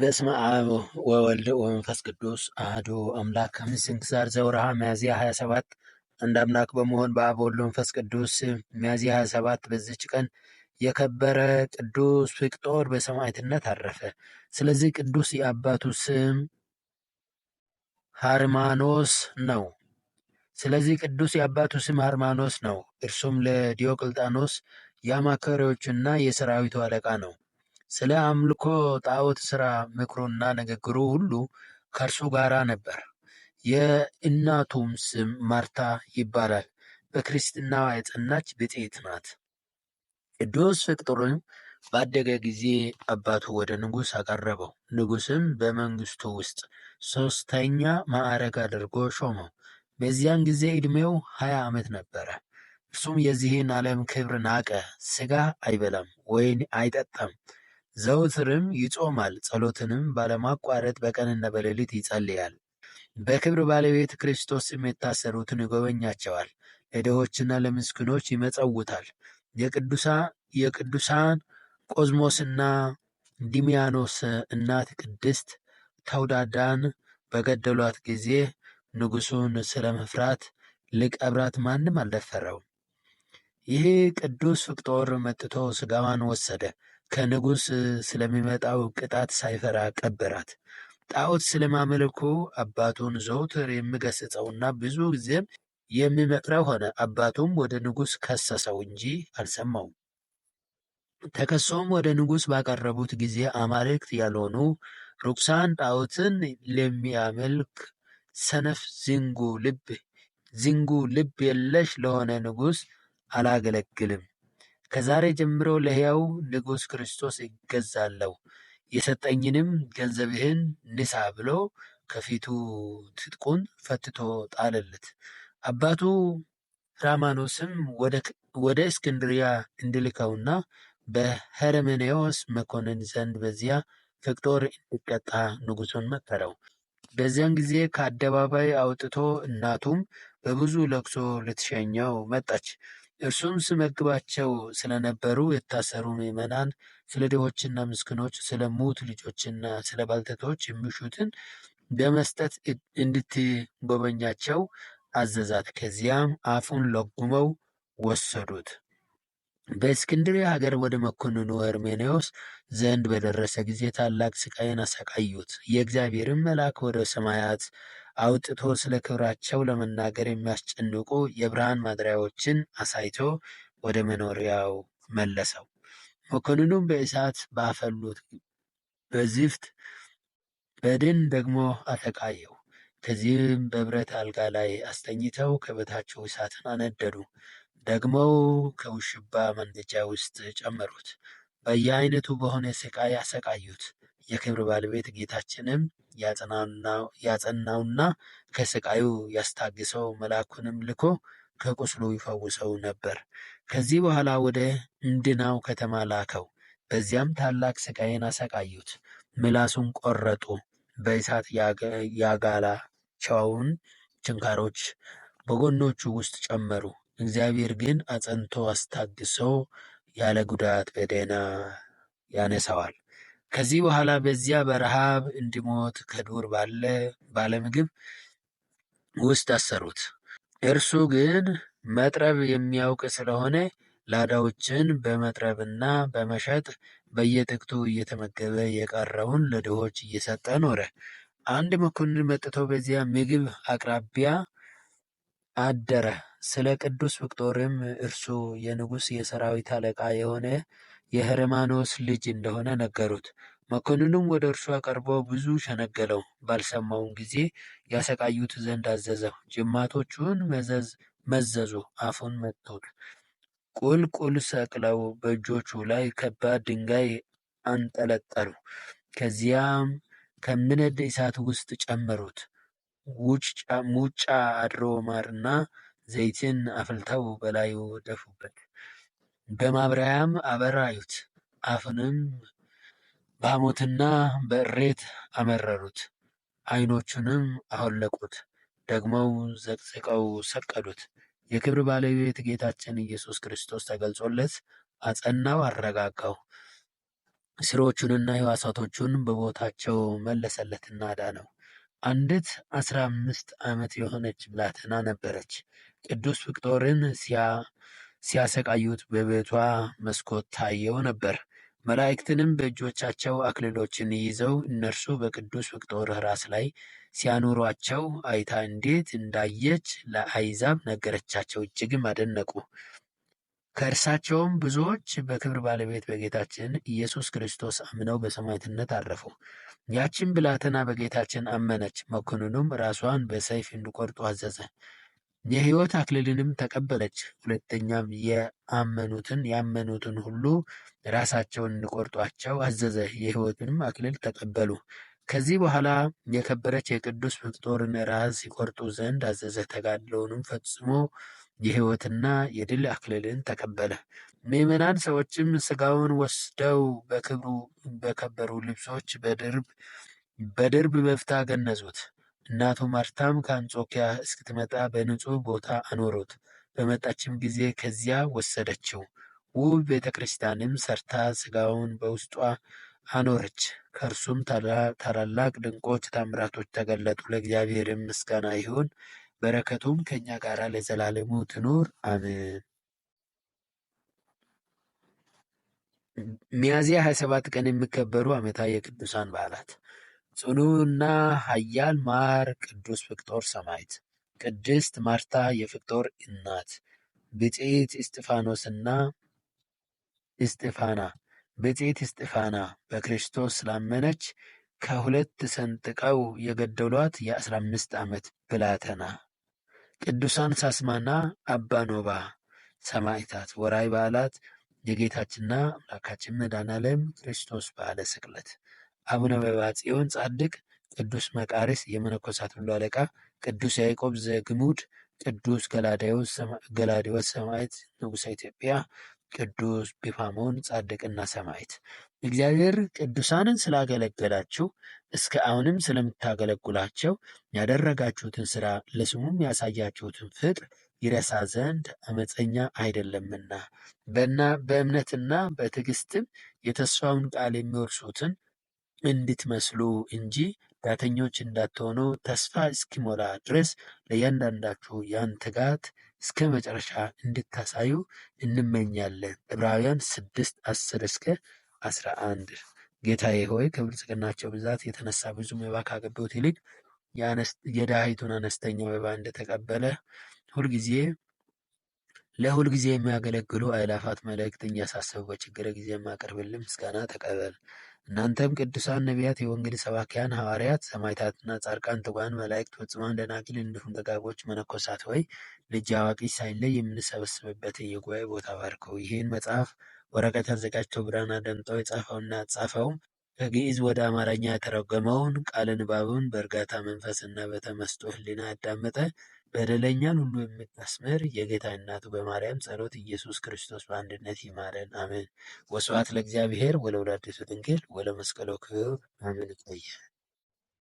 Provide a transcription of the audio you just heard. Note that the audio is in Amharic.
በስመ አብ ወወልድ ወመንፈስ ቅዱስ አህዶ አምላክ። ስንክሳር ዘወርሃ ሚያዝያ 27 አንድ አምላክ በመሆን በአብ ወልድ መንፈስ ቅዱስ። ሚያዝያ 27 በዚች ቀን የከበረ ቅዱስ ፊቅጦር በሰማዕትነት አረፈ። ስለዚህ ቅዱስ የአባቱ ስም ሃርማኖስ ነው። ስለዚህ ቅዱስ የአባቱ ስም ሃርማኖስ ነው። እርሱም ለዲዮቅልጣኖስ የአማካሪዎቹና የሰራዊቱ አለቃ ነው። ስለ አምልኮ ጣዖት ሥራ ምክሩና ንግግሩ ሁሉ ከእርሱ ጋር ነበር። የእናቱም ስም ማርታ ይባላል። በክርስትና የጸናች ብጤት ናት። ቅዱስ ፍቅጥሩም ባደገ ጊዜ አባቱ ወደ ንጉሥ አቀረበው። ንጉሥም በመንግሥቱ ውስጥ ሦስተኛ ማዕረግ አድርጎ ሾመው። በዚያን ጊዜ ዕድሜው ሀያ ዓመት ነበረ። እርሱም የዚህን ዓለም ክብር ናቀ። ሥጋ አይበላም፣ ወይን አይጠጣም። ዘውትርም ይጾማል፣ ጸሎትንም ባለማቋረጥ በቀንና በሌሊት ይጸልያል። በክብር ባለቤት ክርስቶስም የታሰሩትን ይጎበኛቸዋል፣ ለድሆችና ለምስኪኖች ይመጸውታል። የቅዱሳን ቆዝሞስና ዲሚያኖስ እናት ቅድስት ተውዳዳን በገደሏት ጊዜ ንጉሡን ስለ መፍራት ሊቀብራት ማንም አልደፈረው። ይህ ቅዱስ ፍቅጦር መጥቶ ስጋዋን ወሰደ። ከንጉሥ ስለሚመጣው ቅጣት ሳይፈራ ቀበራት። ጣዖት ስለማመልኩ አባቱን ዘውትር የምገስጸውና ብዙ ጊዜም የሚመክረው ሆነ። አባቱም ወደ ንጉሥ ከሰሰው እንጂ አልሰማውም። ተከሶም ወደ ንጉሥ ባቀረቡት ጊዜ አማልክት ያልሆኑ ርኩሳን ጣዖትን ለሚያመልክ ሰነፍ ዝንጉ ልብ ዝንጉ ልብ የለሽ ለሆነ ንጉሥ አላገለግልም ከዛሬ ጀምሮ ለሕያው ንጉሥ ክርስቶስ እገዛለሁ፣ የሰጠኝንም ገንዘብህን ንሳ ብሎ ከፊቱ ትጥቁን ፈትቶ ጣለለት። አባቱ ራማኖስም ወደ እስክንድሪያ እንዲልከውና በሄረሜኔዎስ መኮንን ዘንድ በዚያ ፍቅጦር እንዲቀጣ ንጉሱን መከረው። በዚያን ጊዜ ከአደባባይ አውጥቶ እናቱም በብዙ ለቅሶ ልትሸኘው መጣች። እርሱም ሲመግባቸው ስለነበሩ የታሰሩ ምዕመናን፣ ስለ ድሆችና ምስኪኖች፣ ስለ ሙት ልጆችና ስለ ባልተቶች የሚሹትን በመስጠት እንድትጎበኛቸው አዘዛት። ከዚያም አፉን ለጉመው ወሰዱት። በእስክንድርያ ሀገር ወደ መኮንኑ ሄርሜኔዎስ ዘንድ በደረሰ ጊዜ ታላቅ ስቃይን አሰቃዩት። የእግዚአብሔርን መልአክ ወደ ሰማያት አውጥቶ ስለ ክብራቸው ለመናገር የሚያስጨንቁ የብርሃን ማደሪያዎችን አሳይቶ ወደ መኖሪያው መለሰው። መኮንኑም በእሳት ባፈሉት በዚፍት በድን ደግሞ አተቃየው ከዚህም በብረት አልጋ ላይ አስተኝተው ከበታቸው እሳትን አነደዱ። ደግሞ ከውሽባ ማንደጃ ውስጥ ጨመሩት። በየአይነቱ በሆነ ስቃይ አሰቃዩት። የክብር ባለቤት ጌታችንም ያጸናውና ከስቃዩ ያስታግሰው መልአኩንም ልኮ ከቁስሉ ይፈውሰው ነበር። ከዚህ በኋላ ወደ እንድናው ከተማ ላከው። በዚያም ታላቅ ስቃይን አሰቃዩት። ምላሱን ቆረጡ። በእሳት ያጋላቸውን ችንካሮች በጎኖቹ ውስጥ ጨመሩ። እግዚአብሔር ግን አጸንቶ አስታግሶ ያለ ጉዳት በደህና ያነሳዋል። ከዚህ በኋላ በዚያ በረሃብ እንዲሞት ከዱር ባለ ባለምግብ ውስጥ አሰሩት። እርሱ ግን መጥረብ የሚያውቅ ስለሆነ ላዳዎችን በመጥረብና በመሸጥ በየጥቅቱ እየተመገበ የቀረውን ለድሆች እየሰጠ ኖረ። አንድ መኮንን መጥቶ በዚያ ምግብ አቅራቢያ አደረ። ስለ ቅዱስ ብቅጦርም እርሱ የንጉሥ የሰራዊት አለቃ የሆነ የሕርማኖስ ልጅ እንደሆነ ነገሩት። መኮንኑም ወደ እርሱ አቀርቦ ብዙ ሸነገለው። ባልሰማውም ጊዜ ያሰቃዩት ዘንድ አዘዘው። ጅማቶቹን መዘዙ፣ አፉን መቱት፣ ቁልቁል ሰቅለው በእጆቹ ላይ ከባድ ድንጋይ አንጠለጠሉ። ከዚያም ከሚነድ እሳት ውስጥ ጨመሩት። ሙጫ አድሮ ማርና ዘይትን አፍልተው በላዩ ደፉበት። በማብራያም አበራዩት፣ አፉንም በሐሞትና በእሬት አመረሩት፣ ዓይኖቹንም አወለቁት፣ ደግመው ዘቅዝቀው ሰቀሉት። የክብር ባለቤት ጌታችን ኢየሱስ ክርስቶስ ተገልጾለት አጸናው፣ አረጋጋው። ሥሮቹንና ሕዋሳቶቹን በቦታቸው መለሰለትና አዳነው። አንዲት አስራ አምስት ዓመት የሆነች ብላቴና ነበረች። ቅዱስ ፍቅጦርን ሲያ ሲያሰቃዩት በቤቷ መስኮት ታየው ነበር። መላእክትንም በእጆቻቸው አክሊሎችን ይዘው እነርሱ በቅዱስ ፍቅጦር ራስ ላይ ሲያኖሯቸው አይታ እንዴት እንዳየች ለአይዛብ ነገረቻቸው። እጅግም አደነቁ። ከእርሳቸውም ብዙዎች በክብር ባለቤት በጌታችን ኢየሱስ ክርስቶስ አምነው በሰማዕትነት አረፉ። ያችን ብላቴና በጌታችን አመነች። መኮንኑም ራሷን በሰይፍ እንዲቆርጡ አዘዘ። የሕይወት አክሊልንም ተቀበለች። ሁለተኛም የአመኑትን ያመኑትን ሁሉ ራሳቸውን እንቆርጧቸው አዘዘ። የሕይወትንም አክሊል ተቀበሉ። ከዚህ በኋላ የከበረች የቅዱስ ፊቅጦርን ራስ ይቆርጡ ዘንድ አዘዘ። ተጋድሎውንም ፈጽሞ የሕይወትና የድል አክሊልን ተቀበለ። ምዕመናን ሰዎችም ስጋውን ወስደው በክብሩ በከበሩ ልብሶች በድርብ በድርብ በፍታ ገነዙት። እናቱ ማርታም ከአንጾኪያ እስክትመጣ በንጹሕ ቦታ አኖሩት። በመጣችም ጊዜ ከዚያ ወሰደችው። ውብ ቤተ ክርስቲያንም ሰርታ ሥጋውን በውስጧ አኖረች። ከእርሱም ታላላቅ ድንቆች ታምራቶች ተገለጡ። ለእግዚአብሔርም ምስጋና ይሁን፣ በረከቱም ከእኛ ጋር ለዘላለሙ ትኑር አሜን። ሚያዝያ 27 ቀን የሚከበሩ ዓመታዊ የቅዱሳን በዓላት ጽኑና ኃያል ማር ቅዱስ ፍቅጦር ሰማይት ቅድስት ማርታ የፍቅጦር እናት፣ ብጤት እስጢፋኖስና እስጢፋና ብጤት እስጢፋና በክርስቶስ ስላመነች ከሁለት ሰንጥቀው የገደሏት የአስራ አምስት ዓመት ብላተና ቅዱሳን ሳስማና አባኖባ ሰማይታት ወራይ በዓላት የጌታችንና አምላካችን መድኃኔ ክርስቶስ በዓለ ስቅለት አቡነ ጽዮን ጻድቅ፣ ቅዱስ መቃርስ የመነኮሳት ሁሉ አለቃ፣ ቅዱስ ያዕቆብ ዘግሙድ፣ ቅዱስ ገላውዴዎስ ሰማዕት ንጉሠ ኢትዮጵያ፣ ቅዱስ ቢፋሞን ጻድቅና ሰማዕት። እግዚአብሔር ቅዱሳንን ስላገለገላችሁ እስከ አሁንም ስለምታገለግላቸው ያደረጋችሁትን ስራ ለስሙም ያሳያችሁትን ፍቅር ይረሳ ዘንድ አመፀኛ አይደለምና በእምነትና በትዕግሥትም የተስፋውን ቃል የሚወርሱትን እንድትመስሉ እንጂ ዳተኞች እንዳትሆኑ ተስፋ እስኪሞላ ድረስ ለእያንዳንዳችሁ ያን ትጋት እስከ መጨረሻ እንድታሳዩ እንመኛለን። ዕብራውያን ስድስት አስር እስከ አስራ አንድ ጌታዬ ሆይ ከብልጽግናቸው ብዛት የተነሳ ብዙ መባ ካገቡት ይልቅ የድሃይቱን አነስተኛ መባ እንደተቀበለ ሁልጊዜ ለሁልጊዜ የሚያገለግሉ አእላፋት መላእክት እያሳሰቡ በችግር ጊዜ የማቀርብልን ምስጋና ተቀበል። እናንተም ቅዱሳን ነቢያት፣ የወንጌል ሰባኪያን ሐዋርያት፣ ሰማዕታትና ጻድቃን፣ ትጉሃን መላእክት፣ ፍጹማን ደናግል፣ እንዲሁም ደጋጎች መነኮሳት ሆይ ልጅ አዋቂ ሳይለይ የምንሰበስብበት የጉባኤ ቦታ ባርከው። ይህን መጽሐፍ ወረቀት አዘጋጅቶ ብራና ደምጠው የጻፈውና ያጻፈውም ከግዕዝ ወደ አማርኛ የተረጎመውን ቃለ ንባቡን በእርጋታ መንፈስና በተመስጦ ህሊና ያዳመጠ በደለኛን ሁሉ የምታስምር የጌታ እናቱ በማርያም ጸሎት ኢየሱስ ክርስቶስ በአንድነት ይማረን፣ አሜን። ወስብሐት ለእግዚአብሔር ወለወላዲቱ ድንግል ወለመስቀሉ ክቡር፣ አሜን። ይቆየን።